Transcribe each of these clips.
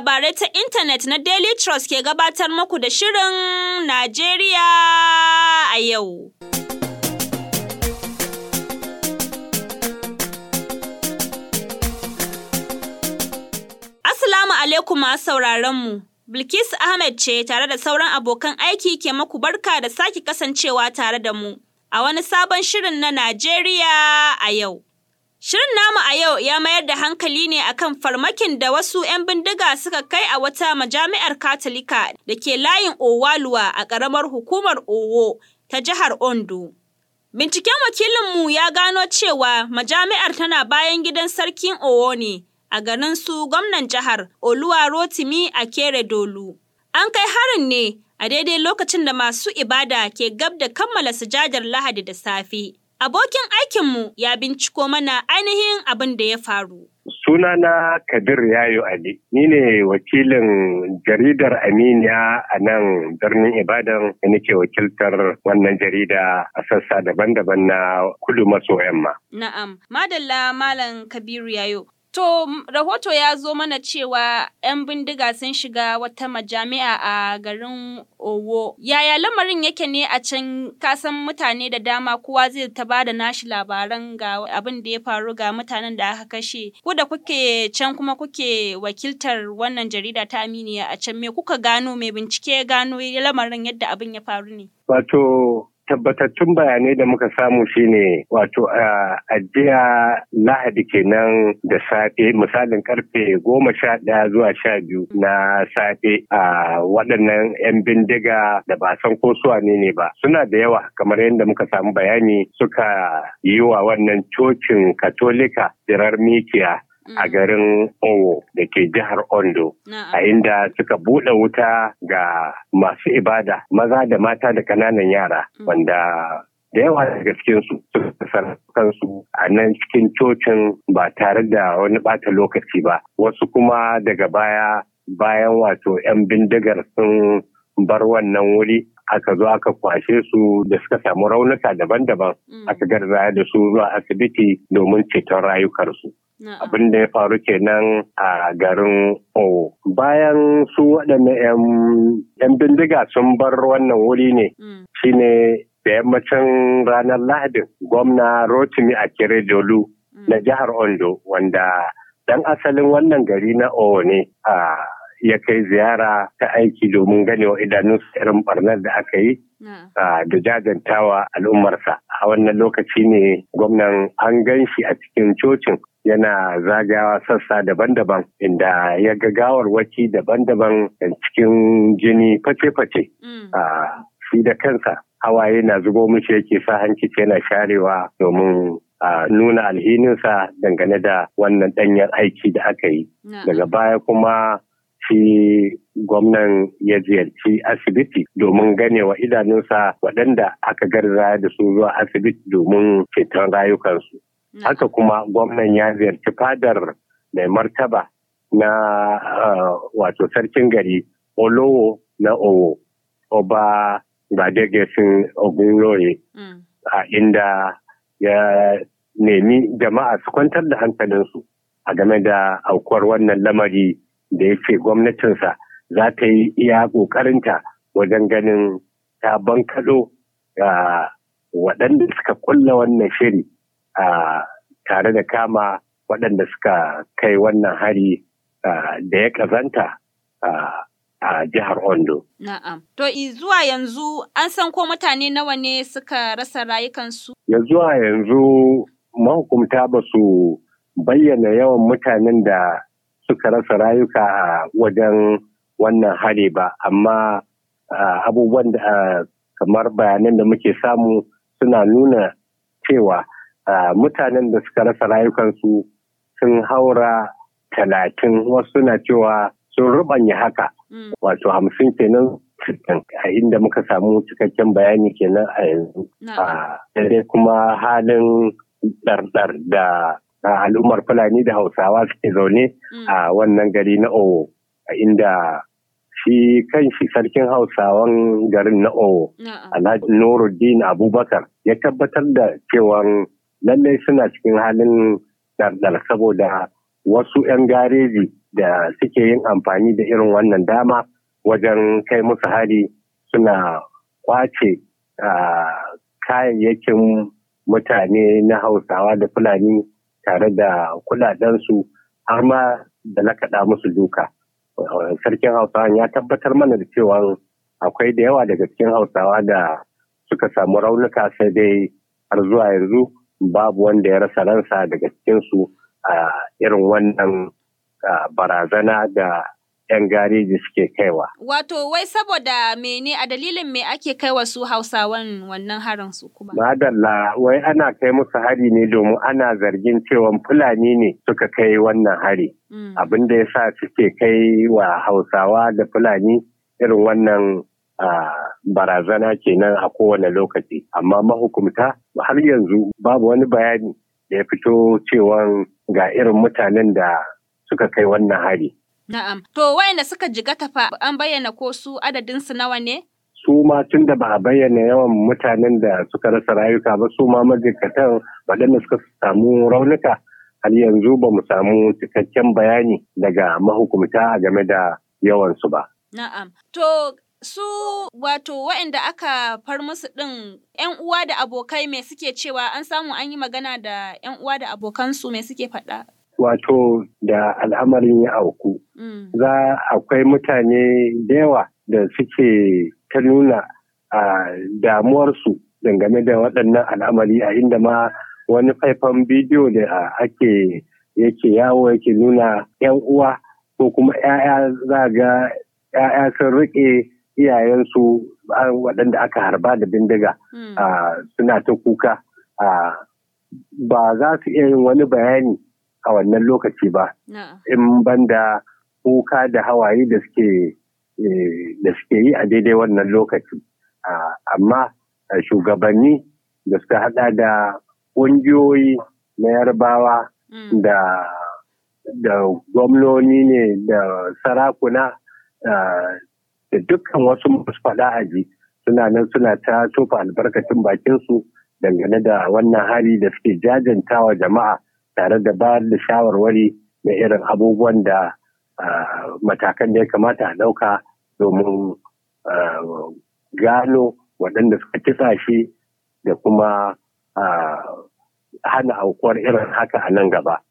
labarai ta intanet na Daily Trust ke gabatar muku da Shirin Najeriya a yau. Assalamu alaikum masu sauraron mu. Bilkisu Ahmed ce tare da sauran abokan aiki ke maku barka da sake kasancewa tare da mu a wani sabon shirin na Najeriya a yau. Shirin namu a yau ya mayar da hankali ne akan farmakin da wasu 'yan bindiga suka kai a wata majami'ar Katolika da ke layin Owaluwa a ƙaramar hukumar Owo ta jihar Ondo. Binciken wakilinmu ya gano cewa majami'ar tana bayan gidan sarkin Owo ne a garin su gwamnan jihar Oluwa Rotimi a Kere Dolu. An kai harin ne a daidai lokacin da masu ibada ke gab da kammala sujadar Lahadi da safe. Abokin aikinmu ya binciko mana ainihin abin da ya faru. Sunana Kabir Yayo Ali, ni ne wakilin jaridar Aminiya a nan birnin Ibadan da nake wakiltar wannan jarida a sassa daban-daban na kudu maso yamma. Na'am, Madalla Malam Kabiru Yayo, To, rahoto ya zo mana cewa 'yan bindiga sun shiga wata majami'a a garin Owo. Yaya lamarin yake ne a can kasan mutane da dama kowa zai ta ba da nashi labaran ga abin da ya faru ga mutanen da aka kashe. Ku da kuke can kuma kuke wakiltar wannan jarida ta aminiya a can me kuka gano mai bincike gano lamarin yadda abin ya faru ne? Wato tabbatattun bayanai da muka samu shine wato a jiya lahadi kenan da safe misalin karfe goma sha ɗaya zuwa sha biyu na safe a waɗannan 'yan bindiga da ba san ko suwa ne ne ba suna da yawa kamar yadda muka samu bayani suka yi wa wannan cocin katolika jirar mikiya a mm. garin Owo da ke jihar Ondo a inda suka buɗe wuta ga masu ibada maza da mata da ƙananan yara mm. wanda da yawa daga cikinsu suka kansu a nan cikin cocin ba tare da wani bata lokaci ba wasu kuma daga baya bayan wato 'yan bindigar sun bar wannan wuri aka zo aka kwashe su da suka samu raunuka daban-daban mm. aka garzaya da su zuwa asibiti domin ceton rayukarsu. Abin da ya faru kenan a garin O. Bayan su waɗanda 'yan bindiga sun bar wannan wuri ne, mm. shine da yammacin ranar Lahadin gwamna Rotimi kere dolu mm. na jihar Ondo wanda dan asalin wannan gari na O ne a ya kai ziyara ta aiki domin ganewa idanun irin barnar da aka yi da jajantawa al'ummarsa a wannan lokaci ne gwamnan an gan shi a cikin cocin yana zagawa sassa daban-daban inda ya ga waki daban-daban cikin jini face-face mm. a ah, shi da kansa hawaye na zubo mishi yake sa hanci yana sharewa domin a nuna alhininsa dangane da wannan danyen aiki da aka yi daga baya kuma shi gwamnan ya ziyarci asibiti domin ganewa idanunsa waɗanda aka garza da su zuwa asibiti domin ceton rayukansu Haka kuma gwamnan ya ziyarci fadar mai martaba na wato sarkin gari Olowo na Owo, Oba ogun loye mm. a inda ya nemi jama'a su kwantar da hankalinsu a game da aukuwar wannan lamari da ya ce gwamnatinsa za ta yi iya ƙoƙarinta wajen ganin ta bankaɗo ga waɗanda suka kulla wannan shiri a tare da kama waɗanda suka kai wannan hari da ya kazanta a jihar Ondo. Na'am. To, zuwa yanzu an san ko mutane nawa ne suka rasa rayukansu? Ya zuwa yanzu mahukumta ba su bayyana yawan mutanen da suka rasa rayuka a wajen wannan hari ba, amma abubuwan da kamar bayanan da muke samu suna nuna cewa mutanen da suka rasa rayukansu sun haura talatin wasu na cewa sun rubanya haka mm. wato hamsin kenan a inda muka samu cikakken bayani kenan a yanzu a kuma halin ɗarɗar da al'ummar fulani da hausawa suke zaune mm. a wannan gari na owo a inda shi kan shi sarkin hausawan garin na owo alhaji nuruddin abubakar ya tabbatar da cewan lallai suna cikin halin dardar saboda wasu 'yan gareji da suke yin amfani da irin wannan dama wajen kai musu hari suna kwace kayayyakin mutane na hausawa da fulani tare da kudadensu har ma da na lakaɗa musu duka. Sarkin Hausawa ya tabbatar mana da cewa akwai da yawa daga cikin hausawa da suka samu raunuka sai dai har zuwa yanzu babu wanda ya rasa ransa daga cikinsu a irin wannan barazana da 'yan gareji suke kaiwa. Wato wai saboda mene a dalilin me ake kai su hausawan wannan harin su kuma? Madalla wai ana kai musu hari ne domin ana zargin cewa fulani ne suka kai wannan hari. Mm. Abin da ya sa suke kai wa hausawa da fulani irin wannan barazana kenan a kowane lokaci. Amma mahukumta har yanzu babu wani bayani da ya fito cewa ga irin mutanen da suka kai wannan hari. Na'am, to wayanda suka jiga tafa an bayyana ko su adadinsu nawa ne? Su ma tun da ba a bayyana yawan mutanen da suka rasa rayuka ba su ma majikatan waɗanda suka samu raunuka har yanzu ba mu samu cikakken bayani daga mahukumta game da yawansu ba. Na'am, to su wato waɗanda aka far musu ɗin ‘yan uwa da abokai me suke cewa an samu an yi magana da ‘yan uwa da abokansu me suke faɗa? Wato da al'amarin ya auku. Mm. Za akwai mutane da yawa da suke ta nuna a damuwarsu dangane da waɗannan al'amari a inda ma wani faifan bidiyo da ake yake yawo yake nuna ‘yan uwa ko kuma ‘ya'ya za ga ‘ya'ya sun riƙe iyayensu waɗanda aka harba da bindiga hmm. suna ta kuka ba za su iya yin wani bayani a wannan lokaci ba in banda kuka da hawaye da suke e, da suke yi a daidai wannan lokaci amma shugabanni da suka hada da ƙungiyoyi na yarbawa hmm. da da gwamnoni ne da sarakuna da dukkan wasu masu faɗa aji suna nan suna ta tofa albarkacin bakinsu dangane da wannan hali da suke jajantawa jama'a tare da bayar da shawarwari na irin abubuwan da matakan da ya kamata a ɗauka domin gano waɗanda suka kitsa shi da kuma hana aukuwar irin haka a nan gaba.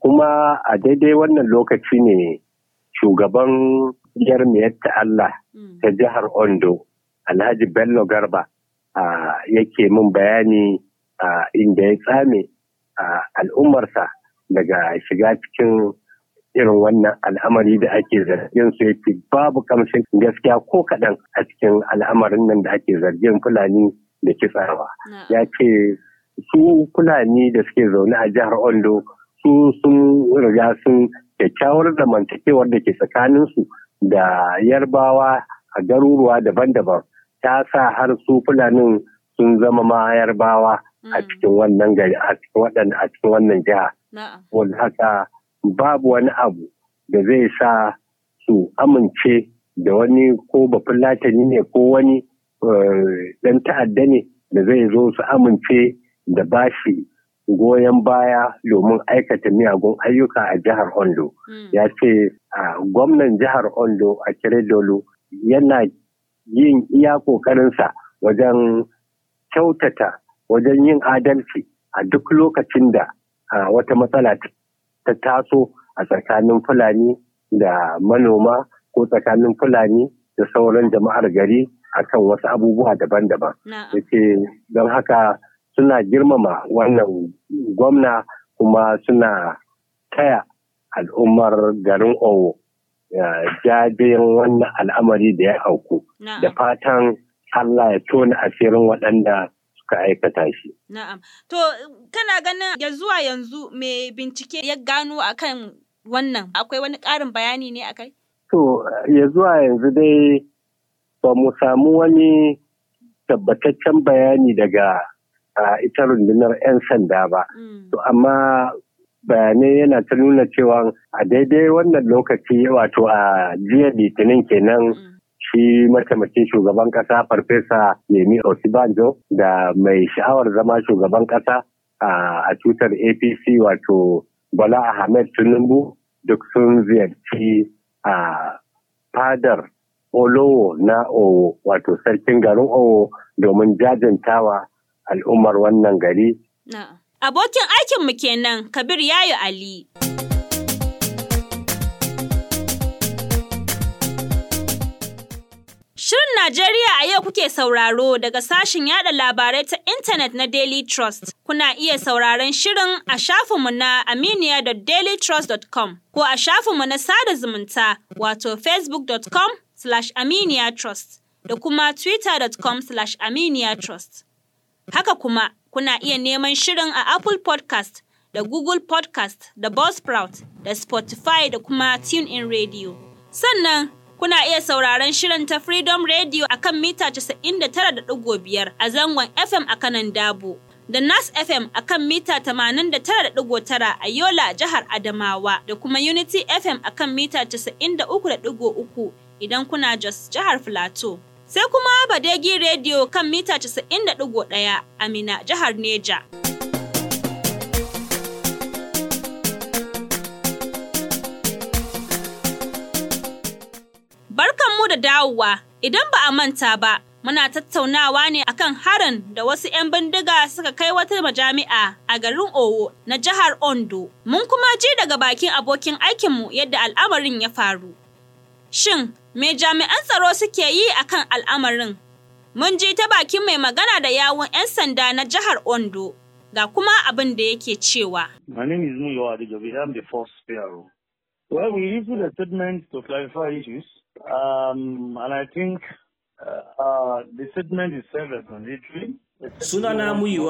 Kuma a daidai wannan lokaci ne shugaban jarmiyar ta Allah hmm. ta jihar Ondo Alhaji Bello Garba yake min bayani inda ya tsame al'ummarsa daga shiga cikin irin wannan al'amari da ake zargin su yake babu kamshin gaskiya ko kaɗan a cikin al'amarin nan da ake zargin fulani da kitsawa ya ce su fulani da suke zaune a jihar ondo su sun riga sun kyakkyawar zamantakewar da ke tsakaninsu da yarbawa a garuruwa daban-daban ta sa har su fulanin sun zama ma yarbawa a mm. cikin wannan gari a cikin a cikin wannan jiha wanda haka babu wani abu da zai sa su amince da wani ko bafulatani ne ko wani eh, ɗan ta'adda ne da zai zo su amince da bashi goyon baya domin aikata miyagun ayyuka a jihar Ondo. Hmm. Ya ce gwamnan jihar Ondo a dolo yana yin iya ƙoƙarinsa wajen kyautata wajen yin adalci a duk lokacin da wata matsala ta taso a tsakanin Fulani da manoma ko tsakanin Fulani da sauran jama'ar gari akan wasu abubuwa daban-daban. Yace don haka suna girmama wannan gwamna kuma suna taya al'ummar garin owo eh, jajen wannan al'amari da ya auku da fatan Allah ya tona asirin waɗanda suka aikata shi. Na'am. To, kana ganin ya zuwa yanzu mai bincike ya gano akan wannan akwai wani ƙarin bayani ne akai? To, ya zuwa yanzu dai ba mu samu wani tabbataccen bayani daga a ita rundunar 'yan sanda ba. Mm. To amma bayanai yana ta nuna cewa a daidai wannan lokaci wato a jiya litinin kenan mm. shi mataimakin shugaban kasa farfesa yemi osibanjo da mai sha'awar zama shugaban kasa a cutar apc wato bala ahmed tinubu duk sun ziyarci a fadar olowo na owo wato sarkin garin owo domin jajantawa al'ummar wannan gari. Abokin aikinmu kenan Kabir Yayo Ali. Shirin Najeriya a yau kuke sauraro daga sashen yada labarai ta intanet na Daily Trust. Kuna iya sauraron shirin a shafinmu na aminiya.dailytrust.com ko a shafinmu na sada zumunta wato facebook.com slash aminiya trust da kuma twitter.com slash aminiya trust. Haka kuma, kuna iya neman shirin a Apple Podcast da Google Podcast da Buzzsprout da Spotify da kuma TuneIn Radio. Sannan, kuna iya sauraron shirin ta Freedom Radio a kan mita 99.5 a zangon FM a kanan Dabo. Da Nas FM a kan mita 89.9 a Yola jihar Adamawa da kuma Unity FM a kan mita 93.3 idan kuna Jos jihar Filato. Sai kuma Badegi Radio kan mita 90.1 a Mina, jihar Neja. Barkanmu da dawowa, idan ba a manta ba, muna tattaunawa ne akan harin da wasu 'yan bindiga suka kai wata majami'a a garin Owo na jihar Ondo. Mun kuma ji daga bakin abokin aikinmu yadda al'amarin ya faru. Shin, me jami'an tsaro suke yi a kan al'amarin? Mun ji ta bakin mai magana da yawun 'yan sanda na jihar Ondo, ga kuma abin da yake cewa. My name is Muyo I'm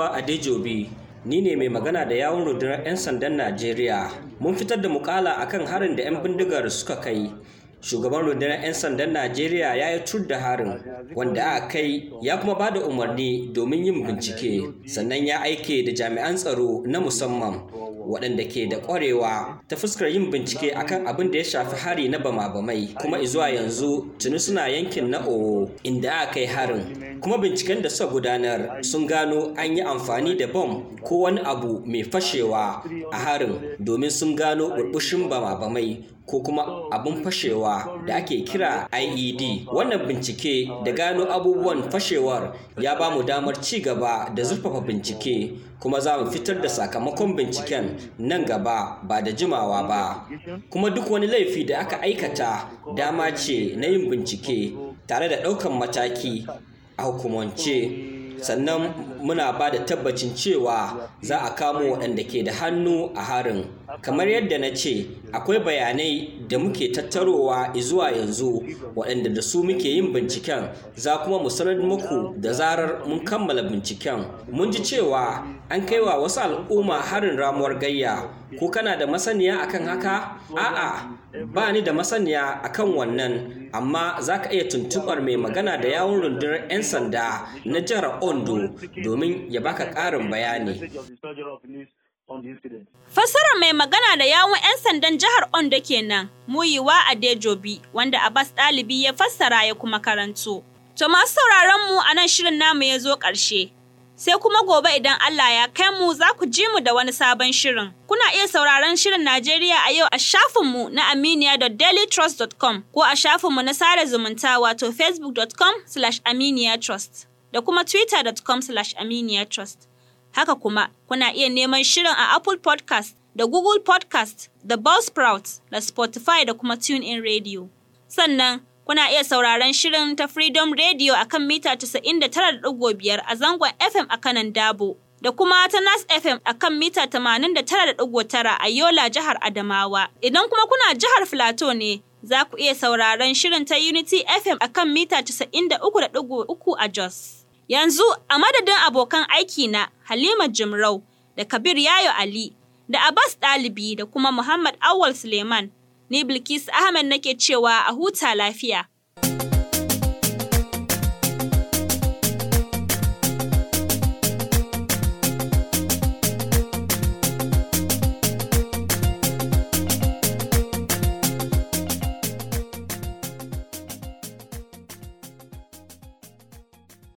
a statement ni ne mai magana da yawun rundunar 'yan sandan Najeriya. Mun fitar da mukala akan harin da 'yan bindigar suka kai. shugaban rundunar 'yan sandan najeriya ya yi tur da harin wanda a kai ya kuma ba da umarni domin yin bincike sannan ya aike da jami'an tsaro na musamman waɗanda ke da ƙwarewa ta fuskar yin bincike akan abin da ya shafi hari na bama-bamai kuma izuwa yanzu tuni suna yankin na owo inda aka kai harin kuma binciken da suka gudanar sun gano an yi amfani da bom ko wani abu mai fashewa a harin domin sun gano burbushin bama-bamai ko kuma abin fashewa da ake kira IED. Wannan bincike da gano abubuwan fashewar ya ba mu damar ci gaba da zurfafa bincike kuma za mu fitar da sakamakon binciken nan gaba ba da jimawa ba. Kuma duk wani laifi da aka aikata dama ce na yin bincike tare da ɗaukan mataki a hukumance. sannan muna ba da tabbacin cewa za a kamo waɗanda ke da hannu a harin kamar yadda na ce akwai bayanai da muke tattarowa zuwa yanzu waɗanda da su muke yin binciken za kuma mu sanar muku da zarar mun kammala binciken mun ji cewa an kai wa wasu al'umma harin ramuwar gayya ko kana da masaniya akan haka a'a ba ni da masaniya akan wannan amma za ka iya tuntubar mai magana da yawon rundunar 'yan sanda na jihar ondo domin ya baka ƙarin bayani Fasarar mai magana da yawon 'yan sandan jihar Ondo kenan, Muyiwa a Dejobi, wanda a bas ɗalibi ya fassara ya kuma karanto. To masu sauraron mu a nan shirin namu ya zo ƙarshe, Sai kuma gobe idan Allah ya kai mu za ku ji mu da wani sabon shirin. Kuna iya sauraron shirin Najeriya a yau a shafinmu na aminiya.dailytrust.com ko a shafinmu na sada zumunta wato facebook.com slash aminiyatrust da kuma twitter.com slash aminiyatrust. Haka kuma, kuna iya neman shirin a Apple podcast da Google podcast da Buzzsprout da Spotify da kuma TuneIn Radio. Sannan, Kuna iya sauraron shirin ta Freedom Radio a kan mita 99.5 a zangon FM a kanan Dabo, da kuma ta Nas FM a kan mita 89.9 a Yola jihar Adamawa. Idan kuma kuna jihar Filato ne, za ku iya sauraron shirin ta Unity FM a kan mita 93.3 a Jos. Yanzu a madadin abokan aiki na Halima Jimrau da Kabir Yayo Ali da Abbas dalibi da kuma Muhammad Awal Suleiman. Ni Bilkis Ahmed nake cewa a huta lafiya.